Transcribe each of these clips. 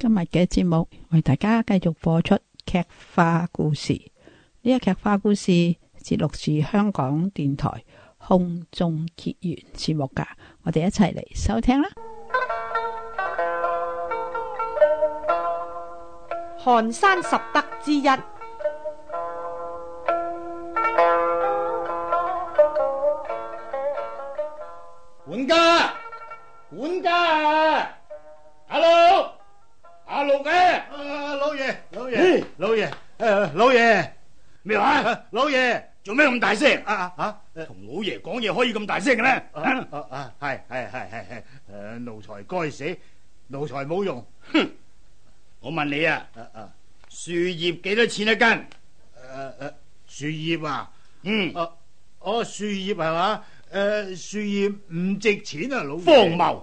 今日嘅節目為大家繼續播出劇化故事，呢個劇化故事節錄自香港電台空中結緣節目噶，我哋一齊嚟收聽啦。寒山十德之一，管家，管家，Hello。老爺，老爺，老爺，老爺、啊，老爺，咩話、啊啊。老爺做咩咁大聲啊？吓、啊，同、啊、老爺講嘢可以咁大聲嘅咩？係係係係，誒、啊啊啊，奴才該死，奴才冇用。哼，我問你啊，誒、啊、誒，樹葉幾多錢一斤？誒誒，樹葉啊？啊樹葉啊嗯，哦樹葉係嘛？誒、哦，樹葉唔值錢啊，老爺。荒謬，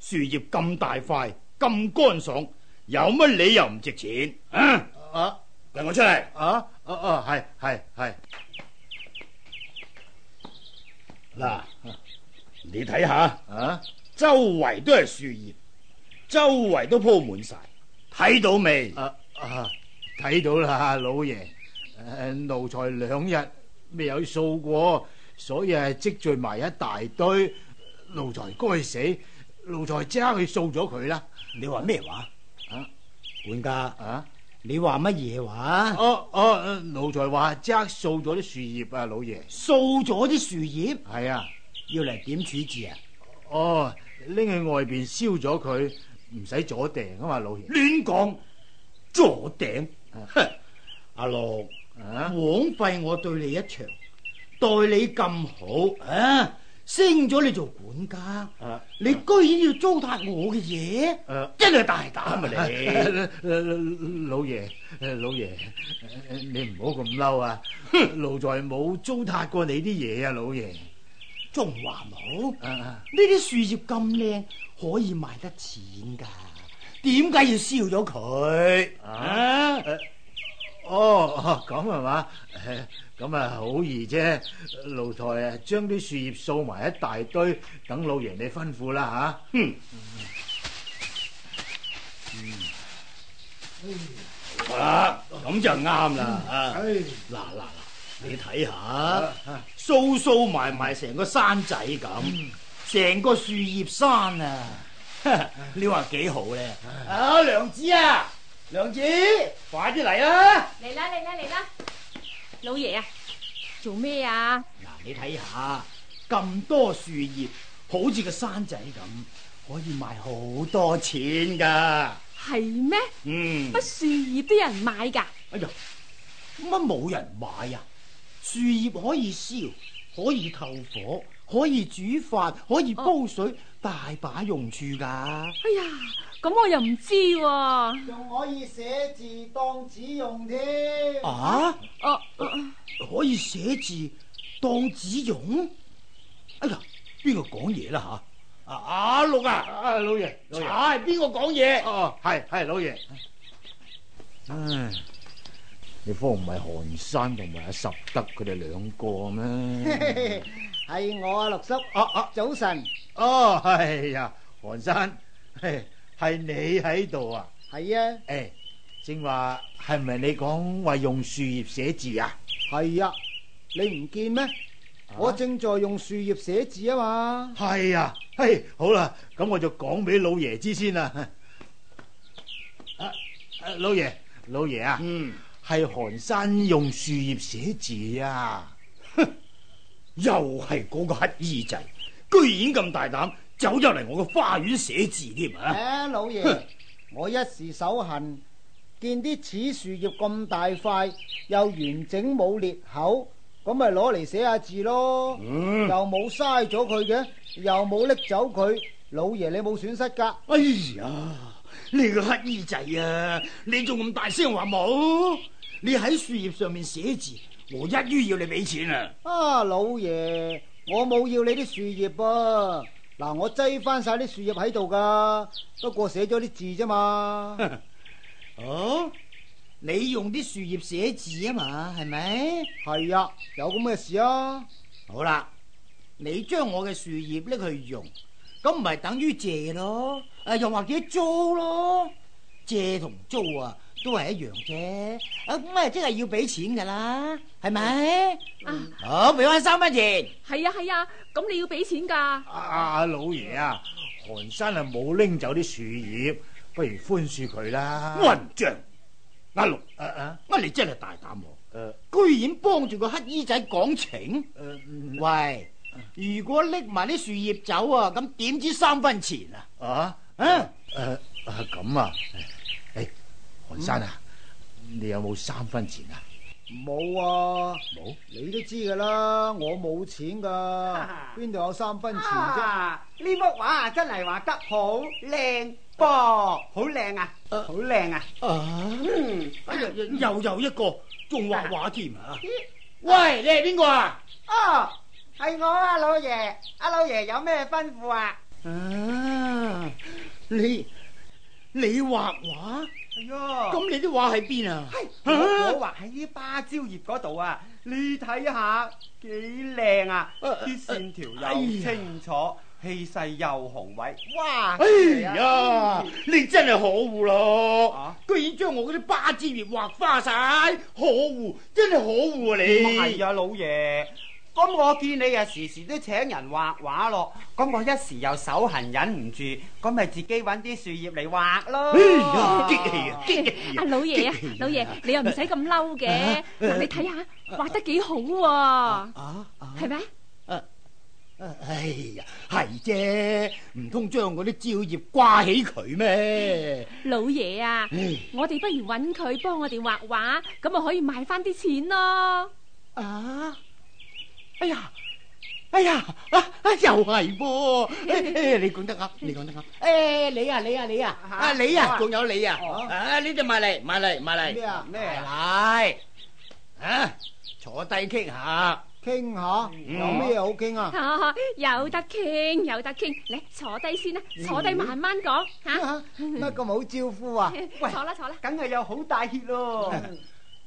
樹葉咁大塊。咁乾爽，有乜理由唔值錢？啊啊！等我出嚟！啊！啊啊，係係係。嗱、啊，你睇下啊，周圍都係樹葉，周圍都鋪滿晒，睇到未、啊？啊啊，睇到啦，老爺。奴才兩日未有掃過，所以積聚埋一大堆，奴才該死，奴才即刻去掃咗佢啦。你話咩話？啊，管家啊，你話乜嘢話？哦哦、啊，奴才話即刻掃咗啲樹葉啊，老爺！掃咗啲樹葉？係啊，要嚟點處置啊？哦，拎去外邊燒咗佢，唔使阻頂啊嘛，老爺！亂講，阻頂！阿六，枉費我對你一場，待你咁好啊！升咗你做管家，你居然要糟蹋我嘅嘢，啊，真係大膽啊你！老爺，老爺，你唔好咁嬲啊！奴才冇糟蹋過你啲嘢啊，老爺。仲話冇呢，啲樹葉咁靚，可以賣得錢噶，點解要燒咗佢？啊，啊？哦，咁係嘛。咁啊，好易啫！露台啊，將啲樹葉掃埋一大堆，等老爺你吩咐啦吓。嗯，好啦，咁就啱啦啊！嗱嗱嗱，你睇下，掃掃埋埋成個山仔咁，成個樹葉山啊！你話幾好咧？阿、啊、娘子啊，娘子，子，快啲嚟啦！嚟啦嚟啦嚟啦！老爺啊，做咩啊？嗱，你睇下咁多樹葉，好似個山仔咁，可以賣好多錢噶。係咩？嗯，乜樹葉都有人買噶？哎呀，乜冇人買啊？樹葉可以燒，可以透火，可以煮飯，可以煲水，啊、大把用處噶。哎呀！咁我又唔知喎，啊，仲可以寫字當紙用添。啊？哦、啊，可以寫字當紙用？哎呀，邊個講嘢啦吓？阿阿六啊，老爺，查係邊個講嘢？哦，係係老爺。唉，你方唔係韓山同埋阿十德佢哋兩個咩？係 我啊，六叔，啊啊、早晨。哦，係，哎、呀，韓山。哎係你喺度是啊！係啊！誒，正話係咪你講話用樹葉寫字啊？係啊！你唔見咩？啊、我正在用樹葉寫字啊嘛！係啊！嘿，好啦，咁我就講俾老爺知先啦、啊啊。老爺，老爺啊，嗯，係韓山用樹葉寫字啊！哼， 又係嗰個乞兒仔，居然咁大膽！走咗嚟我個花園寫字添啊！啊！老爺， 我一時手痕，見啲此樹葉咁大塊，又完整冇裂口，咁咪攞嚟寫下字咯。嗯、又冇嘥咗佢嘅，又冇拎走佢，老爺你冇損失㗎。哎呀，你個乞衣仔啊，你仲咁大聲話冇？你喺樹葉上面寫字，我一於要你俾錢啊！啊，老爺，我冇要你啲樹葉啊！嗱，我擠翻晒啲樹葉喺度噶，不過寫咗啲字啫嘛。哦、 啊，你用啲樹葉寫字啊嘛，係咪？係啊，有咁嘅事啊。好啦，你將我嘅樹葉拎去用，咁唔係等於借咯？誒，又或者租咯？借同租啊！都係一樣啫，咁、uh, 啊，即係要俾錢噶啦，係咪？好俾翻三分錢。係啊係啊，咁你要俾錢噶？阿老爺啊，韓山啊冇拎走啲樹葉，不如寬恕佢啦。混賬！阿龍啊啊，乜、啊、你真係大膽，啊、居然幫住個乞衣仔講情？啊啊、喂，如果拎埋啲樹葉走啊，咁點知三分錢啊？啊嗯，咁啊。啊啊阿生啊，你有冇三分錢啊？冇啊，冇，你都知噶啦，我冇錢噶，邊度有三分錢啫？呢幅畫啊，真係畫得好靚噃，好靚啊，好靚啊！嗯，又又一個仲畫畫添啊！喂，你係邊個啊？哦，係我啊，老爺，阿老爺有咩吩咐啊？啊，你你畫畫？哎喲，咁你啲畫喺邊啊？我畫喺啲芭蕉葉嗰度啊，你睇下幾靚啊，啲線條又清楚，氣勢、哎、呀又宏偉，哇！啊、哎呀，哎呀你真係可惡咯，啊、居然將我嗰啲芭蕉葉畫花晒，可惡，真係可惡啊你！哎呀，老爺。咁我見你啊時時都請人畫畫咯，咁我一時又手痕忍唔住，咁咪自己揾啲樹葉嚟畫咯。激氣啊！激啊！老爺啊，老爺、啊爺啊、你又唔使咁嬲嘅，嗱你睇下畫得幾好喎，係咪啊？啊看看哎呀，係啫，唔通將嗰啲蕉葉掛起佢咩、哎？老爺啊，哎、呀我哋不如揾佢幫我哋畫畫，咁咪可以賣翻啲錢咯。啊！哎呀，哎呀，啊啊又係噃，你講得啱，你講得啱。誒，你啊，你啊，你啊，啊你啊，仲有你啊，啊呢啲埋嚟，埋嚟，埋嚟。咩啊？咩嚟？吓，坐低傾下，傾下，有咩好傾啊？有得傾，有得傾，你坐低先啦，坐低慢慢講，吓。乜咁好招呼啊？坐啦，坐啦，梗係有好大熱咯。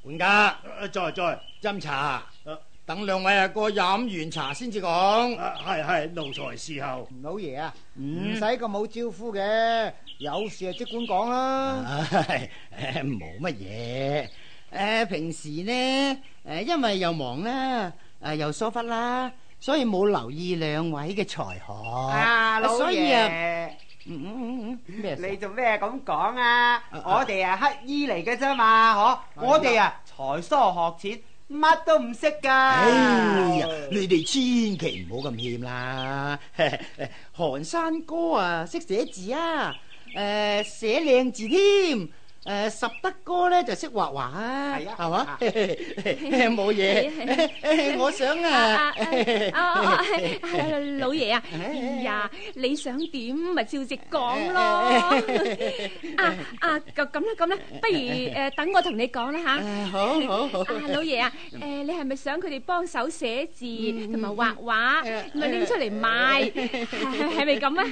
管家，再再，斟茶。等兩位阿哥飲完茶先至講。係係，奴才侍候。老爺啊，唔使咁好招呼嘅，有事啊即管講啦。係誒，冇乜嘢。誒，平時咧，誒，因為又忙啦，誒，又疏忽啦，所以冇留意兩位嘅才學。啊，老爺，所以啊，咩？你做咩咁講啊？我哋啊，乞衣嚟嘅啫嘛，嗬？我哋啊，才疏學淺。乜都唔識噶，哎呀！你哋千祈唔好咁謙啦。誒 韓山哥啊，識寫字啊，誒、呃，寫靚字添。誒，十德哥咧就識畫畫啊，係啊，係嘛？冇嘢，我想啊，老爺啊，呀，你想點咪照直講咯。啊啊，咁啦咁啦，不如誒等我同你講啦吓。好，好，好。啊，老爺啊，誒，你係咪想佢哋幫手寫字同埋畫畫，咪拎出嚟賣，係咪咁啊？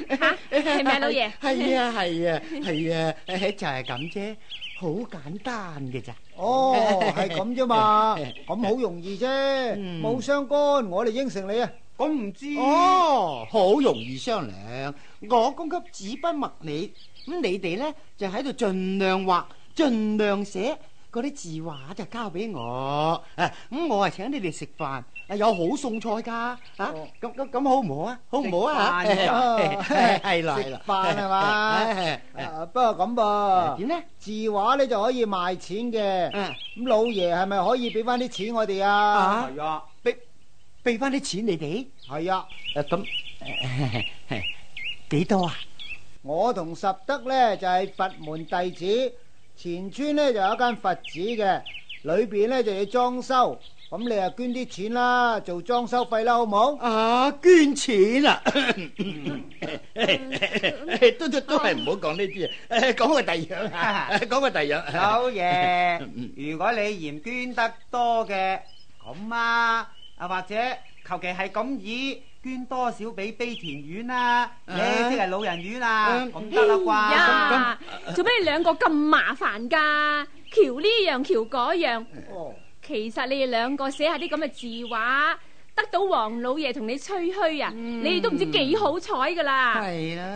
吓，係咪啊，老爺？係啊，係啊，係啊，就係咁啫。好簡單嘅咋？哦，係咁啫嘛，咁好容易啫，冇、嗯、相干，我哋應承你啊，咁唔知哦，好容易商量，我供給紙筆物你，咁你哋咧就喺度盡量畫，盡量寫，嗰啲字畫就交俾我，咁我啊請你哋食飯。有好餸菜噶，咁咁咁好唔好啊？好唔好啊？食飯咯，食飯係嘛？不過咁噃，點呢？字畫呢就可以賣錢嘅。咁老爺係咪可以俾翻啲錢我哋啊？係啊，俾俾翻啲錢你哋。係啊，咁幾多啊？我同十德咧就係佛門弟子，前村咧就有一間佛寺嘅，裏邊咧就要裝修。咁你啊捐啲錢啦，做裝修費啦，好冇？啊，捐錢啊？都都都係唔好講呢啲啊！講個第二樣啊，講個第二樣。好嘢，如果你嫌捐得多嘅，咁啊啊或者求其係咁意捐多少俾悲田院啦，誒即係老人院啦，咁得啦啩？咁咁做咩？你兩個咁麻煩噶？橋呢樣橋嗰樣？其實你哋兩個寫下啲咁嘅字畫，得到黃老爺同你吹噓、嗯、啊，你哋都唔知幾好彩噶啦，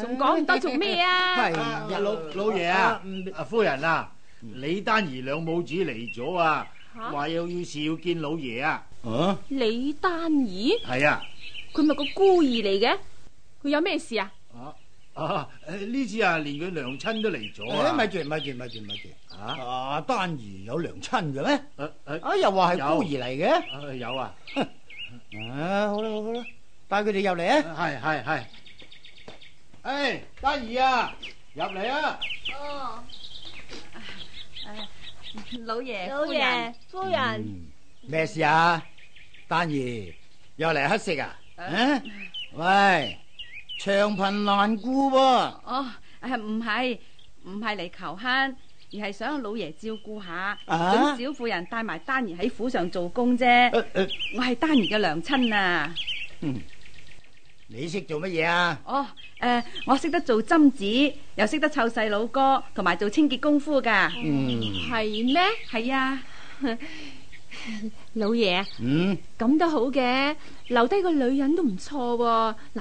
仲講唔多做咩啊？係老老爺啊，阿夫人啊，嗯、李丹兒兩母子嚟咗啊，話有要事要見老爺啊。李丹兒係啊，佢咪個孤兒嚟嘅，佢有咩事啊？啊！誒，呢次啊，連佢娘親都嚟咗啊！咪住咪住咪住咪住啊！啊！丹兒有娘親嘅咩？誒誒！啊，又話係孤兒嚟嘅？有啊！啊，好啦好啦，帶佢哋入嚟啊！係係係。誒，丹兒啊，入嚟啊！哦。老爺夫人。老爺夫人。咩事啊？丹兒又嚟乞食啊？嗯。喂。長貧難顧哦，誒，唔係唔係嚟求乞，而係想老爺照顧下，咁小婦人帶埋丹兒喺府上做工啫。我係丹兒嘅娘親啊，嗯，你識做乜嘢啊？哦，誒，我識得做針子，又識得湊細佬哥，同埋做清潔功夫噶，嗯，係咩？係啊，老爺，嗯，咁都好嘅，留低個女人都唔錯喎。嗱。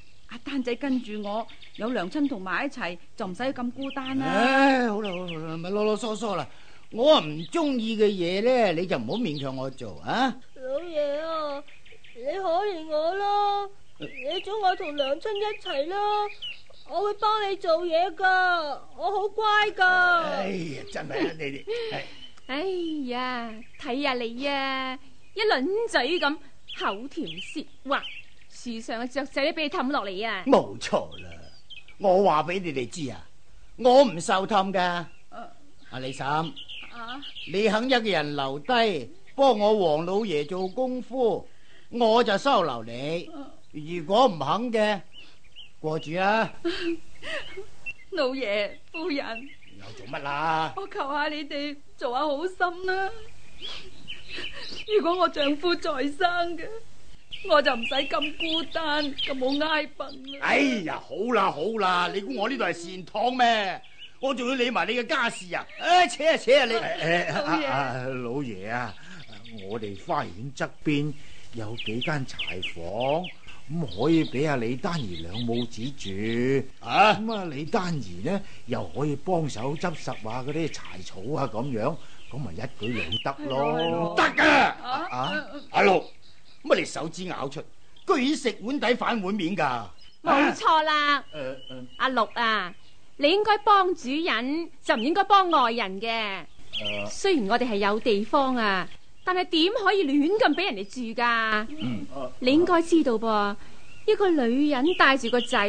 阿丹仔跟住我，有娘親同埋一齊，就唔使咁孤單啦。唉、哎，好啦好啦，咪囉囉嗦嗦啦。我唔中意嘅嘢咧，你就唔好勉強我做啊。老爺啊，你可憐我啦，呃、你准我同娘親一齊啦，我會幫你做嘢噶，我好乖噶。哎呀，真係你哋！ 哎呀，睇下你啊，一輪嘴咁，口甜舌滑。樹上嘅雀仔都俾你氹落嚟啊！冇錯啦，我話俾你哋知啊，我唔受氹噶。阿李嬸，你肯一個人留低幫我王老爺做功夫，我就收留你。啊、如果唔肯嘅，過住啊！老爺夫人，又做乜啦？我求下你哋做下好心啦！如果我丈夫在生嘅。我就唔使咁孤單，咁冇挨笨啦！哎呀，好啦好啦，你估我呢度係善堂咩？我仲要理埋你嘅家事啊！哎，扯啊扯啊你！老爺、哎呀、老爺啊，我哋花園側邊有幾間柴房，咁可以俾阿李丹兒兩母子住啊。咁啊、嗯，李丹兒呢又可以幫手執拾下嗰啲柴草啊，咁樣咁咪一舉兩得咯，得噶啊阿六。啊啊乜你手指咬出，居然食碗底反碗面噶？冇錯啦。阿六啊，啊，啊，你應該幫主人，就唔應該幫外人嘅。啊、雖然我哋係有地方啊，但係點可以亂咁俾人哋住噶？嗯啊、你應該知道噃，啊、一個女人帶住個仔，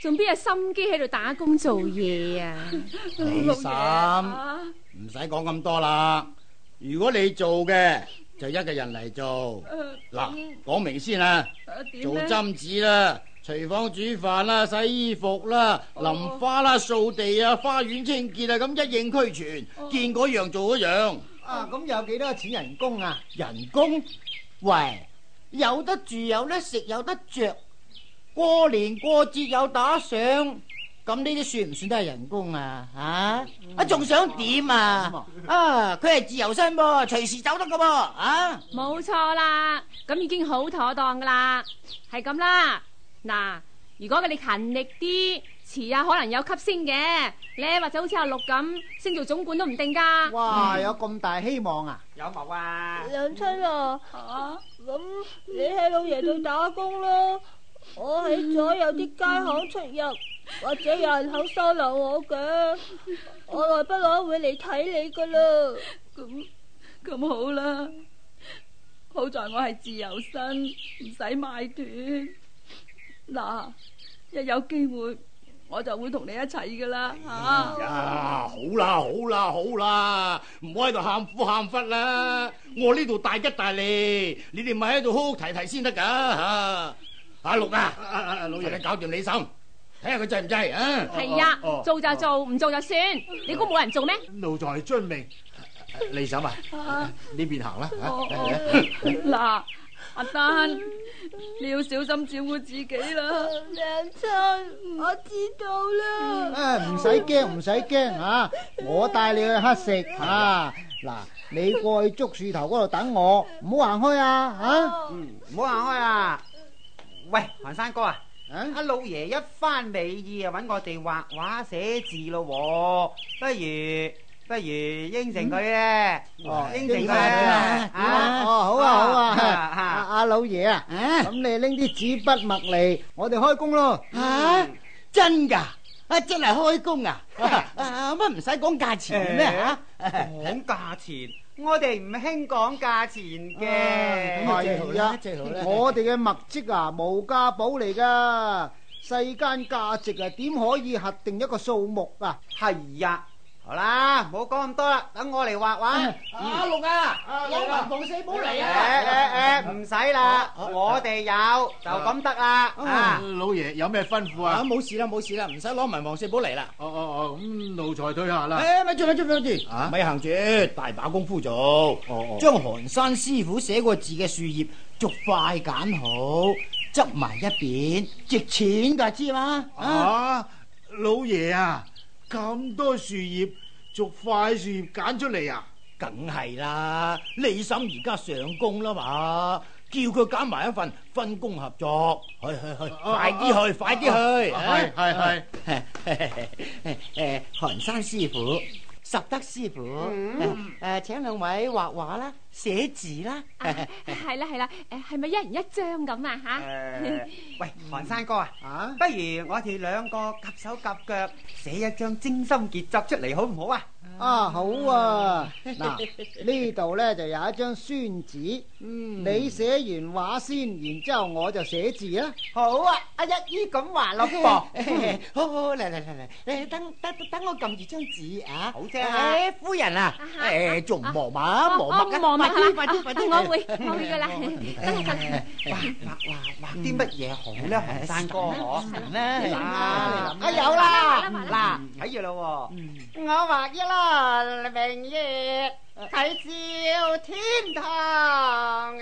仲邊有心機喺度打工做嘢啊？嬸三，唔使講咁多啦。如果你做嘅。就一個人嚟做，嗱、呃，講明先啦，啊，呃、做針子啦，廚房煮飯啦，洗衣服啦，哦、淋花啦，掃地啊，花園清潔啊，咁一應俱全，哦、見嗰樣做嗰樣。啊，咁、嗯啊、有幾多錢人工啊？人工？喂，有得住，有得食，有得着，過年過節有打賞。咁呢啲算唔算都係人工啊？啊！嗯、啊仲想點啊， 啊？啊！佢係自由身噃，隨時走得噶噃啊！冇錯啦，咁已經好妥當噶啦，係咁啦。嗱，如果佢哋勤力啲，遲下可能有級升嘅。你或者好似阿六咁升做總管都唔定噶。哇！有咁大希望啊？嗯、有冇啊？兩親啊？吓咁、嗯啊、你喺老爺度打工咯，我喺左右啲街口出入、嗯。嗯或者有人肯收留我嘅，啊、我來不攞會嚟睇你噶咯。咁，咁好啦，好在我係自由身，唔使賣斷。嗱，一有機會我就會同你一齊噶啦。哎，好啦好啦好啦，唔好喺度喊苦喊忽啦。我呢度大吉大利，你哋咪喺度哭哭啼啼先得噶。阿六啊，老爺你搞掂你心。睇下佢制唔制啊！係呀，做就做，唔做就算。你估冇人做咩？奴才遵命。李嬸啊，呢邊行啦。嗱，阿丹，你要小心照顧自己啦。娘親，我知道啦。啊，唔使驚，唔使驚吓。我帶你去乞食吓。嗱，你過去竹樹頭嗰度等我，唔好行開啊吓。唔好行開啊！喂，韓山哥啊！阿、啊、老爺一番美意啊，揾我哋畫畫寫字咯、喔，不如不如應承佢咧。哦、嗯，應承佢哦，好啊，好啊。阿老爺啊，咁、啊啊啊、你拎啲紙筆墨嚟，我哋開工咯。啊，真噶，阿、啊、真係開工啊。 啊，乜唔使講價錢咩？講、啊、價錢。我哋唔興講價錢嘅，係呀、啊。我哋嘅墨迹啊，無價寶嚟噶，世間價值啊，點可以核定一個數目啊？係啊。好啦，冇講咁多啦，等我嚟畫畫。阿六啊，攞埋文房四寶嚟啊！誒誒誒，唔使啦，我哋有，就咁得啦。啊，老爺有咩吩咐啊？啊，冇事啦，冇事啦，唔使攞埋文房四寶嚟啦。哦哦哦，咁奴才退下啦。誒，咪住咪住咪住，咪行住，大把功夫做。哦哦，將寒山師傅寫過字嘅樹葉逐塊揀好，執埋一邊，值錢噶，知嘛？啊，老爺啊！咁多樹葉，逐塊樹葉揀出嚟啊！梗係啦，李嬸而家上工啦嘛，叫佢揀埋一份分工合作，去去去，快啲去，快啲去，係係係，誒，寒山師傅。拾得師傅，誒、嗯，請兩位畫畫啦，寫字啦，係啦係啦，誒、 啊，係咪一人一張咁啊？吓 、呃，喂，寒山哥啊，啊不如我哋兩個夾手夾腳寫一張精心傑作出嚟，好唔好啊？啊好啊嗱，呢度咧就有一張宣紙，你寫完畫先，然之後我就寫字啦。好啊，阿一依咁話咯，好好好嚟嚟嚟嚟，等等等我撳住張紙啊，好啫。誒，夫人啊，誒，仲忙唔忙？忙唔忙？忙唔忙？快啲快啲，我會我會噶啦。畫畫畫啲乜嘢好咧？生哥嗬，呢吓，我有啦，嗱，睇住咯，我畫一啦。明月，照天堂。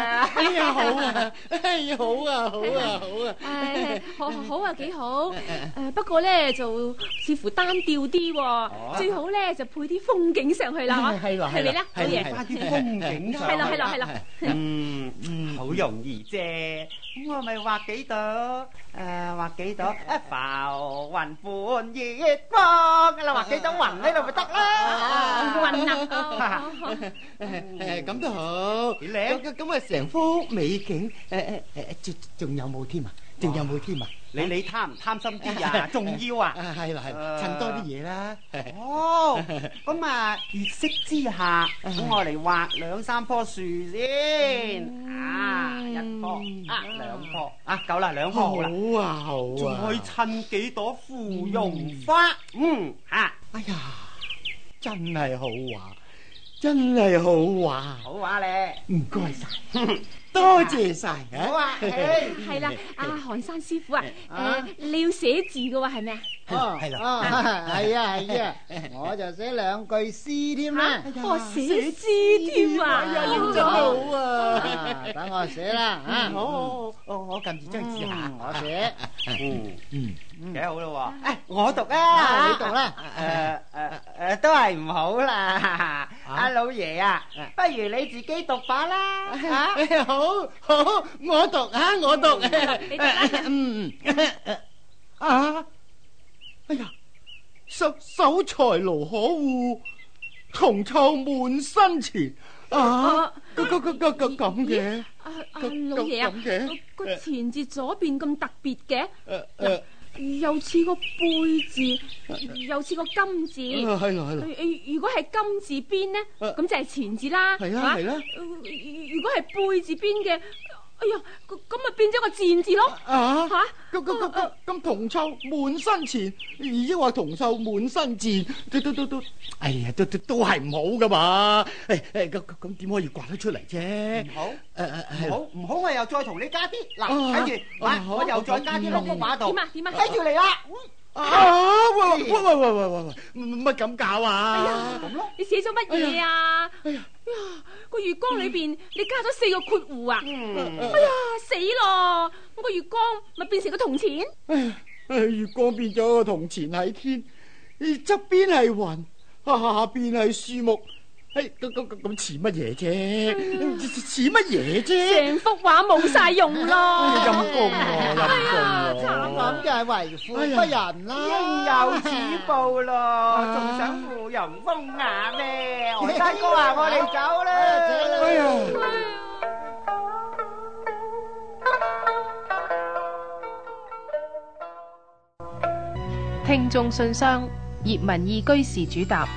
哎呀好啊，哎呀好啊，好啊，好啊，係，好啊幾好，誒不過咧就似乎單調啲，最好咧就配啲風景上去啦，係你啦，阿爺？加啲風景上去，係咯係咯係咯，嗯嗯好容易啫，咁我咪畫幾朵，誒畫幾朵，浮雲伴月光，咁啊畫幾朵雲，喺度咪得啦，雲啊，誒咁都好，靚，咁咁咪。成幅美景，誒誒誒，仲仲有冇添啊？仲有冇添啊？你你貪貪心啲啊，仲要啊！係啦係，襯多啲嘢啦。哦，咁啊，月色之下，咁我嚟畫兩三棵樹先啊，一棵，啊兩棵，啊夠啦兩棵啦。好啊好啊，仲可以襯幾朵芙蓉花。嗯，嚇，哎呀，真係好畫。真係好話，好話咧，唔該晒，多謝晒。好啊，係啦，阿韓山師傅啊，你要寫字㗎喎，係咪啊？哦，係咯，係啊，係啊，我就寫兩句詩添啦。哦，寫詩添啊，真好啊，等我寫啦啊。好好好，我撳住張紙啊，我寫。嗯。幾好咯！我讀啊，你讀啦。誒誒誒，都係唔好啦。阿老爺啊，不如你自己讀法啦。好好，我讀啊，我讀。啊！哎呀，手手財奴可惡，銅臭滿身錢。啊！個個個個咁嘅。老爺啊，個個錢字左邊咁特別嘅。又似個貝字，又似個金字。係 如果係金字邊咧，咁就係錢字啦。係 啊係啦。如果係貝字邊嘅。哎呀，咁咁咪變咗個賤字咯！啊吓，咁咁咁咁，銅臭滿身錢，已經話銅臭滿身賤，都都都都，哎呀，都都都係唔好噶嘛！誒誒，咁咁點可以刮得出嚟啫？唔好，誒誒，唔好，唔好，我又再同你加啲，嗱，睇住，喂，我又再加啲啦，號碼度，點啊點啊，睇住嚟啦。 啊喂喂喂喂喂喂，乜咁搞啊？哎呀，你寫咗乜嘢啊？哎呀呀，個月光裏邊你加咗四個括弧啊？哎呀，死咯！我、那個月光咪變成個銅錢？哎呀、啊，月光變咗個銅錢喺天，而側邊係雲，下邊係樹木。誒，咁咁咁似乜嘢啫？似乜嘢啫？成幅畫冇晒用咯，陰公咯，陰公咯，咁就係為富不仁啦，應有此報咯，仲想附庸風雅咩？大哥啊，我哋走啦，走啦。聽眾信箱，葉文義居士主答。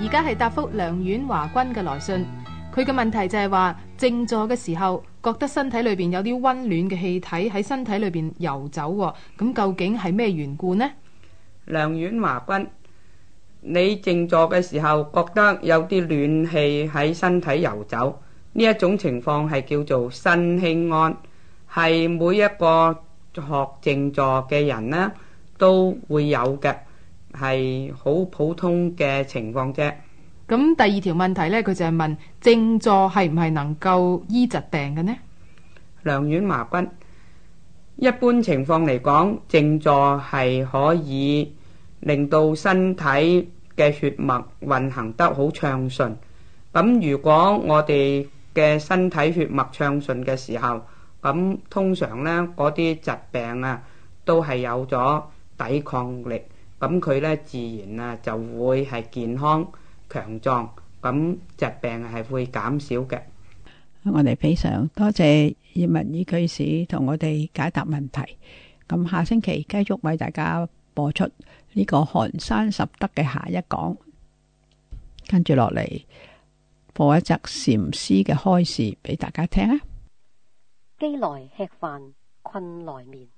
而家係答覆梁婉華君嘅來信，佢嘅問題就係話靜坐嘅時候覺得身體裏邊有啲溫暖嘅氣體喺身體裏邊游走，咁究竟係咩緣故呢？梁婉華君，你靜坐嘅時候覺得有啲暖氣喺身體游走，呢一種情況係叫做身輕安，係每一個學靜坐嘅人呢都會有嘅。係好普通嘅情況啫。咁第二條問題呢，佢就係問正坐係唔係能夠醫疾病嘅呢？梁遠華君，一般情況嚟講，正坐係可以令到身體嘅血脈運行得好暢順。咁如果我哋嘅身體血脈暢順嘅時候，咁通常呢嗰啲疾病啊，都係有咗抵抗力。咁佢呢自然啊，就會係健康強壯，咁疾病係會減少嘅。我哋非常多謝葉文宇居士同我哋解答問題。咁下星期繼續為大家播出呢個寒山拾得嘅下一講，跟住落嚟播一則禪師嘅開示俾大家聽啊！飢來吃飯，困來眠。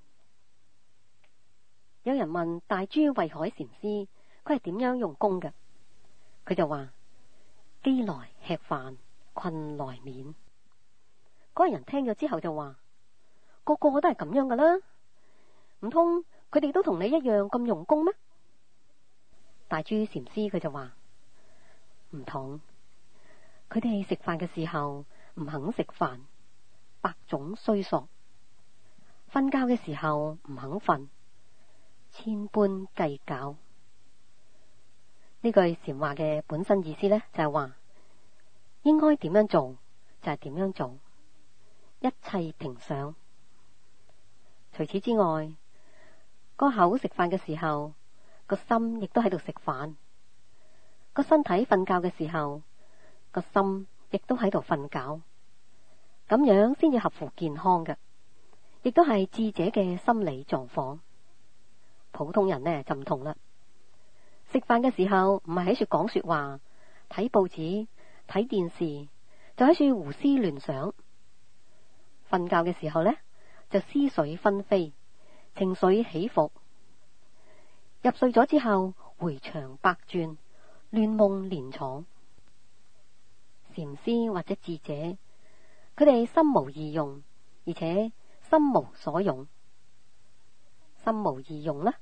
有人問大珠慧海禪師，佢係點樣用功嘅？佢就話饑來吃飯，困來眠。嗰個人聽咗之後就話：個個都係咁樣㗎啦，唔通佢哋都同你一樣咁用功咩？大珠禪師佢就話唔同，佢哋食飯嘅時候唔肯食飯，百種衰索；瞓覺嘅時候唔肯瞓。千般計較，呢句禪話嘅本身意思呢，就係話應該點樣做就係點樣做，一切平常。除此之外，個口食飯嘅時候，個心亦都喺度食飯；個身體瞓覺嘅時候，個心亦都喺度瞓覺。咁樣先至合乎健康嘅，亦都係智者嘅心理狀況。普通人呢就唔同啦。食飯嘅時候唔係喺處講說話，睇報紙、睇電視，就喺處胡思亂想。瞓覺嘅時候呢就思緒紛飛，情緒起伏。入睡咗之後迴腸百轉，亂夢連床。禪師或者智者，佢哋心無二用，而且心無所用，心無二用啦。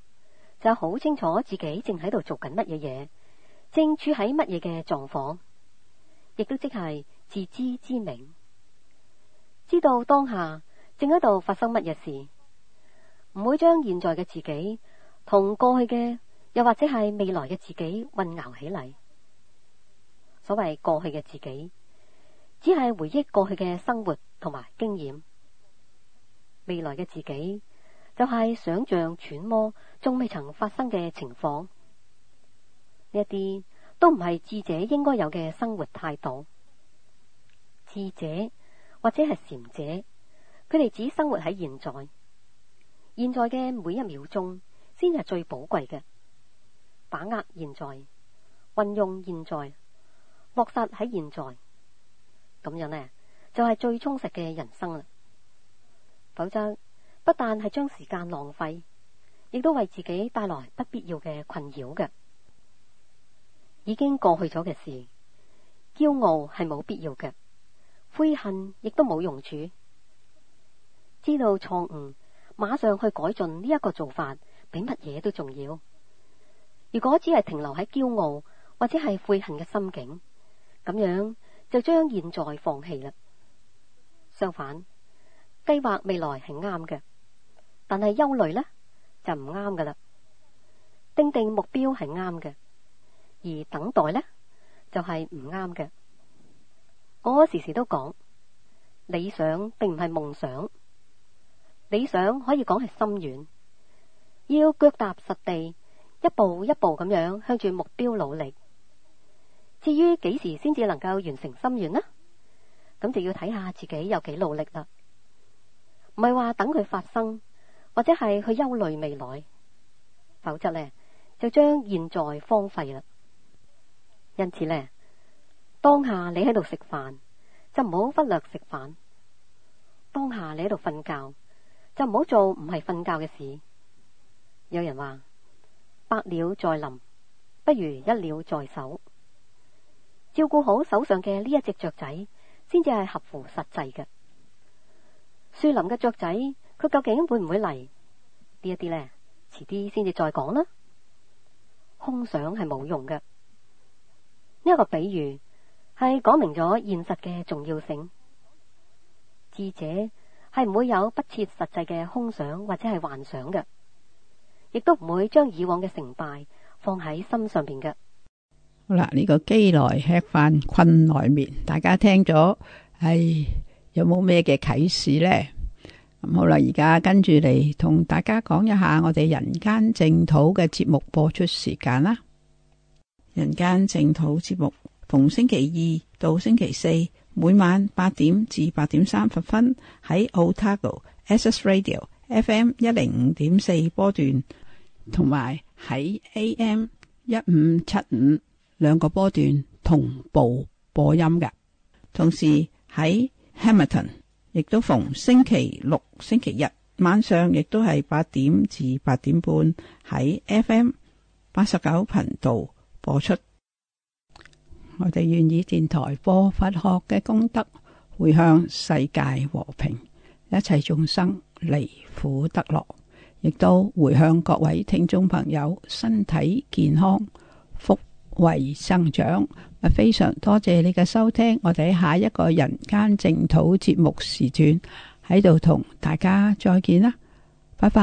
就好清楚自己正喺度做緊乜嘢嘢，正處喺乜嘢嘅狀況，亦都即係自知之明，知道當下正喺度發生乜嘢事，唔會將現在嘅自己同過去嘅，又或者係未來嘅自己混淆起嚟。所謂過去嘅自己，只係回憶過去嘅生活同埋經驗；未來嘅自己，就係想象揣摩，仲未曾發生嘅情況，呢一啲都唔係智者應該有嘅生活態度。智者或者係禪者，佢哋只生活喺現在，現在嘅每一秒鐘先係最寶貴嘅，把握現在，運用現在，落實喺現在，咁樣呢，就係最充實嘅人生啦。否則。不但係將時間浪費，亦都為自己帶來不必要嘅困擾嘅。已經過去咗嘅事，驕傲係冇必要嘅，悔恨亦都冇用處。知道錯誤，馬上去改進呢一個做法，比乜嘢都重要。如果只係停留喺驕傲或者係悔恨嘅心境，咁樣就將現在放棄啦。相反，計劃未來係啱嘅。但係憂慮呢，就唔啱㗎啦，定定目標係啱嘅，而等待呢，就係唔啱嘅。我時時都講，理想並唔係夢想，理想可以講係心願，要腳踏實地，一步一步咁樣向住目標努力。至於幾時先至能夠完成心願呢？咁就要睇下自己有幾努力啦。唔係話等佢發生。或者係佢憂慮未來，否則呢，就將現在荒廢啦。因此呢，當下你喺度食飯，就唔好忽略食飯；當下你喺度瞓覺，就唔好做唔係瞓覺嘅事。有人話：百鳥在林，不如一鳥在手。照顧好手上嘅呢一隻雀仔，先至係合乎實際嘅。樹林嘅雀仔。佢究竟會唔會嚟？呢一啲呢，遲啲先至再講啦。空想係冇用嘅。呢一個比喻係講明咗現實嘅重要性。智者係唔會有不切實際嘅空想或者係幻想嘅，亦都唔會將以往嘅成敗放喺心上邊嘅。好啦，呢個飢來吃飯，困來眠，大家聽咗，係有冇咩嘅啟示呢？好啦，而家跟住嚟同大家講一下我哋人間正土嘅節目播出時間啦。人間正土節目逢星期二到星期四每晚八點至八點三十分喺 Otago SS Radio FM 一零五點四波段，同埋喺 AM 一五七五兩個波段同步播音㗎，同時喺 Hamilton。亦都逢星期六、星期日晚上，上，亦都係八點至八點半喺 FM 八十九頻道播出。 我哋願以電台播佛學嘅功德，回向世界和平，一切眾生離苦得樂，亦都回向各位聽眾朋友身體健康、福慧生長。非常多謝你嘅收聽，我哋喺下一個人間淨土節目時段喺度同大家再見啦，拜拜。